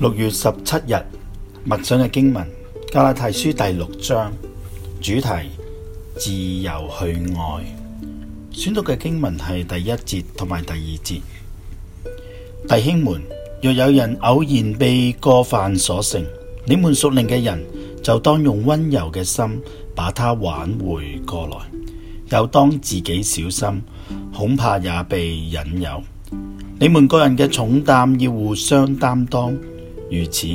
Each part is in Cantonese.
六月十七日默想嘅經文《加拉太書》第六章，主題自由去愛。選讀嘅經文係第一節同埋第二節。弟兄們，若有人偶然被過犯所勝，你們屬靈嘅人就當用温柔嘅心把他挽回過來，又當自己小心，恐怕也被引誘。你們個人嘅重擔要互相擔當。如此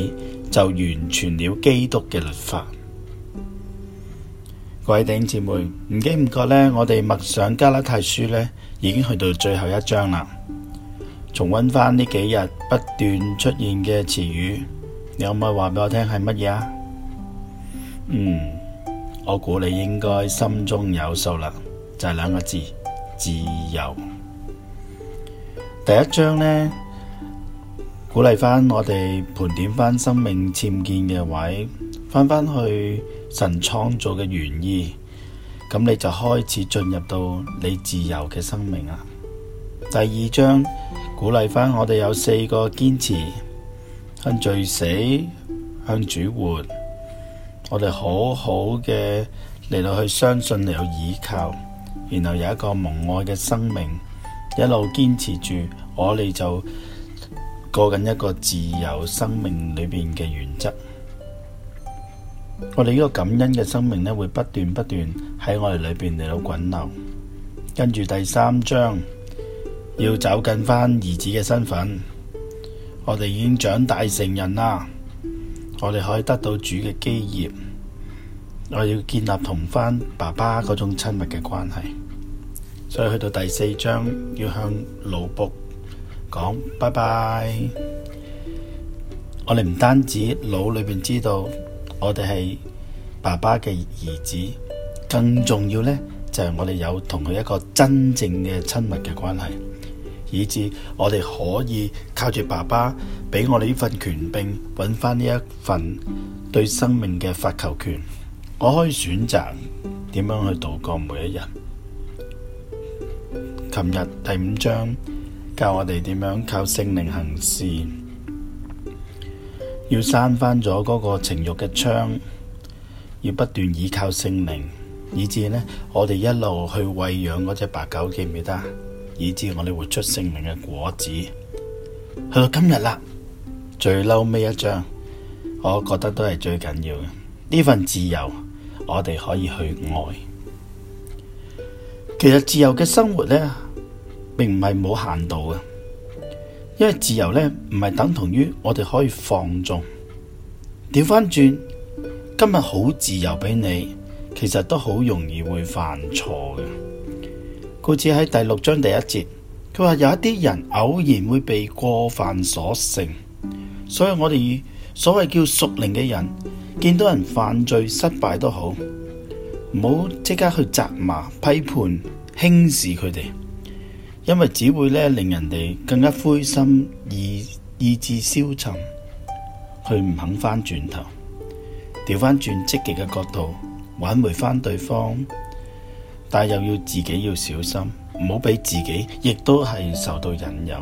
就完全了基督嘅律法。各位弟兄姊妹，唔經唔覺呢，我哋默想加拉太書呢，已經去到最後一章啦。重溫翻呢幾日不斷出現嘅詞語，你可唔可以話俾我聽係乜嘢啊？嗯，我估你應該心中有數啦，就係、是、兩個字，自由。第一章呢。鼓勵翻我哋盤點翻生命漸建嘅位，翻返去神創造嘅原意，咁你就開始進入到你自由嘅生命啦。第二章鼓勵翻我哋有四個堅持：向罪死，向主活。我哋好好嘅嚟到去相信，嚟到依靠，然後有一個蒙愛嘅生命，一路堅持住，我哋就。過緊一個自由生命裏邊嘅原則，我哋呢個感恩嘅生命咧會不斷不斷喺我哋裏邊嚟到滾流。跟住第三章要走近翻兒子嘅身份，我哋已經長大成人啦，我哋可以得到主嘅基業，我要建立同翻爸爸嗰種親密嘅關係。所以去到第四章要向老伯。講拜拜，我哋唔單止腦裏邊知道我哋係爸爸嘅兒子，更重要呢，就係、是、我哋有同佢一個真正嘅親密嘅關係，以致我哋可以靠住爸爸俾我哋呢份權柄，並揾翻呢一份對生命嘅發球權。我可以選擇點樣去度過每一日。琴日第五章。教我哋點樣靠聖靈行事，要閂翻咗嗰個情欲嘅窗，要不斷倚靠聖靈，以至呢，我哋一路去餵養嗰隻白狗，記唔記得？以至我哋活出聖靈嘅果子。去到今日啦，最嬲尾一章，我覺得都係最緊要嘅。呢份自由，我哋可以去愛。其實自由嘅生活呢。並唔係冇限度嘅，因為自由咧唔係等同於我哋可以放縱。調翻轉，今日好自由俾你，其實都好容易會犯錯嘅。故此喺第六章第一節，佢話有一啲人偶然會被過犯所勝，所以我哋所謂叫屬靈嘅人，見到人犯罪失敗都好，唔好即刻去責罵、批判、輕視佢哋。因為只會咧令人哋更加灰心，意意志消沉，佢唔肯翻轉頭，調翻轉積極嘅角度，挽回翻對方，但又要自己要小心，唔好俾自己亦都係受到引誘。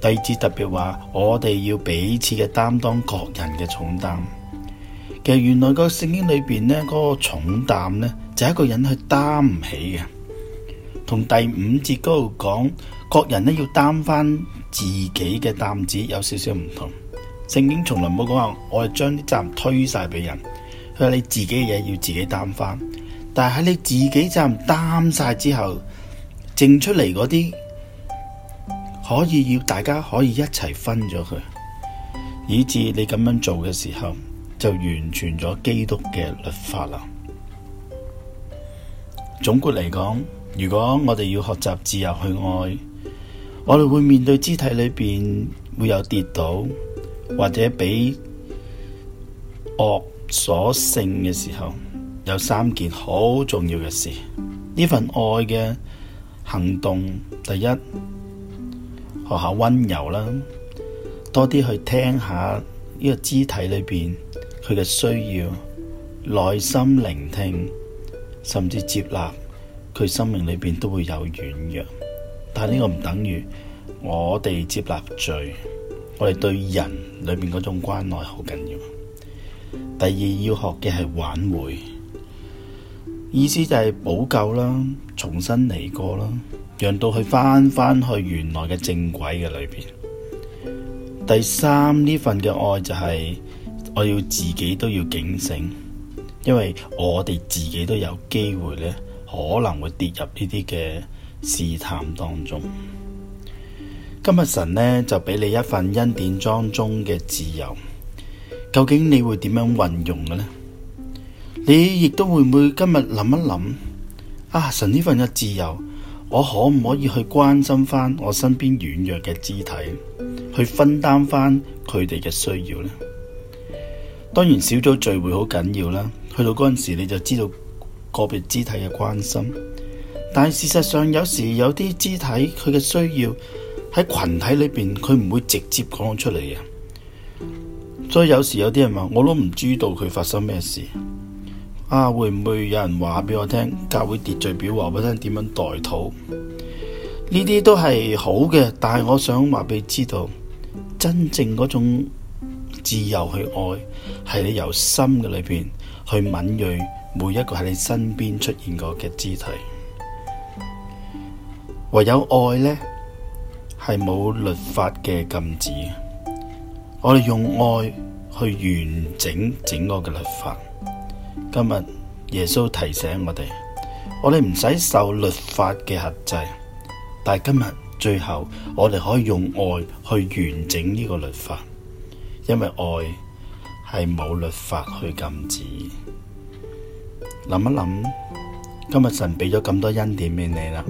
第二節特別話，我哋要彼此嘅擔當，各人嘅重擔。其實原來個聖經裏邊咧，嗰個重擔咧，就係一個人係擔唔起嘅。同第五節嗰度講，各人咧要擔翻自己嘅擔子，有少少唔同。聖經從來冇講話我係將啲責任推晒俾人，佢話你自己嘅嘢要自己擔翻。但係喺你自己責任擔晒之後，剩出嚟嗰啲可以要大家可以一齊分咗佢，以致你咁樣做嘅時候就完全咗基督嘅律法啦。總括嚟講。如果我哋要學習自由去愛，我哋會面對肢體裏邊會有跌倒，或者俾惡所勝嘅時候，有三件好重要嘅事。呢份愛嘅行動，第一，學下溫柔啦，多啲去聽下呢個肢體裏邊佢嘅需要，耐心聆聽，甚至接納。佢生命裏邊都會有軟弱，但係呢個唔等於我哋接納罪，我哋對人裏邊嗰種關愛好緊要。第二要學嘅係挽回，意思就係補救啦，重新嚟過啦，讓到佢返返去原來嘅正軌嘅裏邊。第三呢份嘅愛就係、是、我要自己都要警醒，因為我哋自己都有機會呢，可能會跌入呢啲嘅試探當中。今日神呢就俾你一份恩典當中嘅自由，究竟你會點樣運用嘅呢？你亦都會唔會今日諗一諗，啊，神呢份嘅自由，我可唔可以去關心翻我身邊軟弱嘅肢體，去分擔翻佢哋嘅需要呢？當然小組聚會好緊要啦，去到嗰陣時你就知道。個別肢體嘅關心，但係事實上有時有啲肢體佢嘅需要喺群體裏邊佢唔會直接講出嚟嘅，所以有時有啲人話我都唔知道佢發生咩事，啊會唔會有人話俾我聽教會秩序表話俾我聽點樣代禱呢啲都係好嘅，但係我想話俾你知道真正嗰種自由去愛係你由心嘅裏邊去敏銳。每一個喺你身邊出現過嘅肢體，唯有愛呢係冇律法嘅禁止。我哋用愛去完整整個嘅律法。今日耶穌提醒我哋，我哋唔使受律法嘅限制。但係今日最後，我哋可以用愛去完整呢個律法，因為愛係冇律法去禁止。諗一諗，今日神俾咗咁多恩典俾你啦，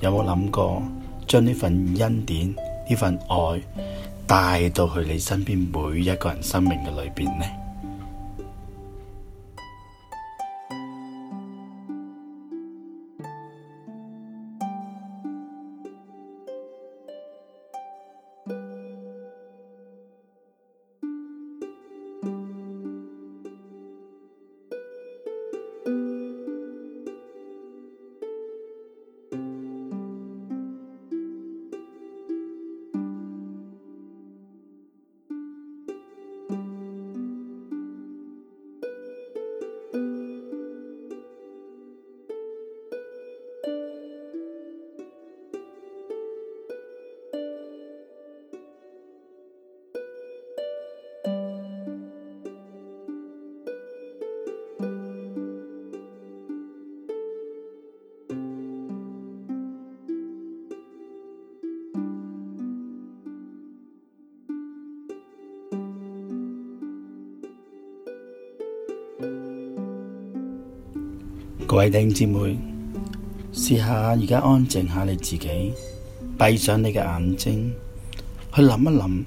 有冇諗過將呢份恩典，呢份愛帶到去你身邊每一個人生命嘅裏邊呢？各位弟兄姊妹，試下而家安靜下你自己，閉上你嘅眼睛，去諗一諗，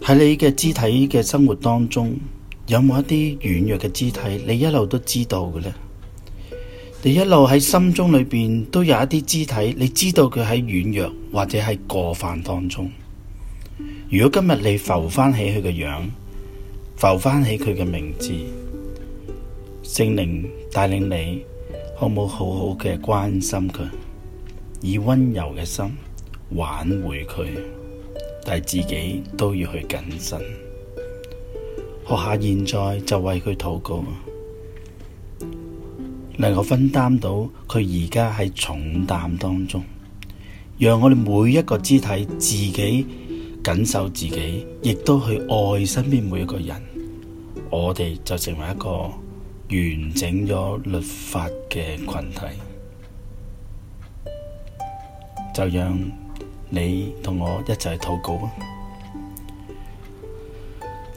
喺你嘅肢體嘅生活當中，有冇一啲軟弱嘅肢體你一路都知道嘅呢？你一路喺心中裏邊都有一啲肢體，你知道佢喺軟弱或者係過犯當中。如果今日你浮翻起佢嘅樣，浮翻起佢嘅名字。聖靈帶領你，可冇好好嘅關心佢，以温柔嘅心挽回佢，但係自己都要去謹慎，學下現在就為佢禱告，能夠分擔到佢而家喺重擔當中，讓我哋每一個肢體自己緊守自己，亦都去愛身邊每一個人，我哋就成為一個。完整咗律法嘅群體，就讓你同我一齊禱告啊！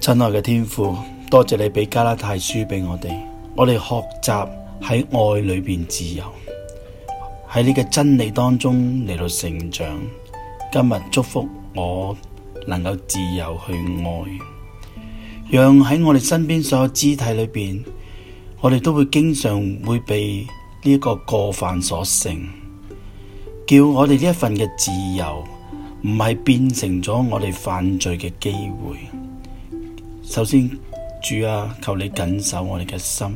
親愛嘅天父，多謝你俾加拉太書俾我哋，我哋學習喺愛裏邊自由，喺呢個真理當中嚟到成長。今日祝福我能夠自由去愛，讓喺我哋身邊所有肢體裏邊。我哋都會經常會被呢個過犯所勝，叫我哋呢一份嘅自由唔係變成咗我哋犯罪嘅機會。首先，主啊，求你緊守我哋嘅心，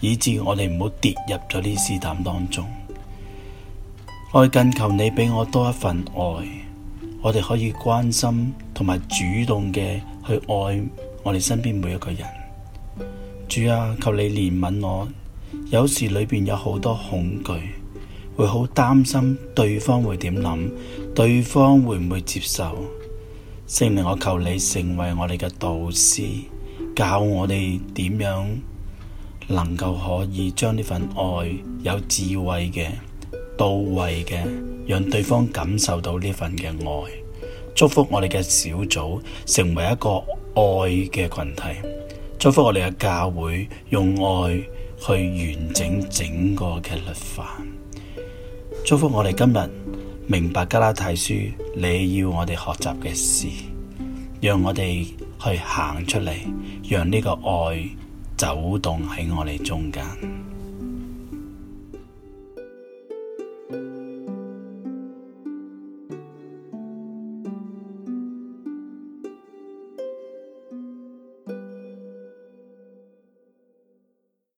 以致我哋唔好跌入咗呢試探當中。我更求你俾我多一份愛，我哋可以關心同埋主動嘅去愛我哋身邊每一個人。主啊，求你憐憫我。有時裏邊有好多恐懼，會好擔心對方會點諗，對方會唔會接受？聖靈，我求你成為我哋嘅導師，教我哋點樣能夠可以將呢份愛有智慧嘅、到位嘅，讓對方感受到呢份嘅愛。祝福我哋嘅小組成為一個愛嘅群體。祝福我哋嘅教會用愛去完整整個嘅律法。祝福我哋今日明白《加拉太書》，你要我哋學習嘅事，讓我哋去行出嚟，讓呢個愛走動喺我哋中間。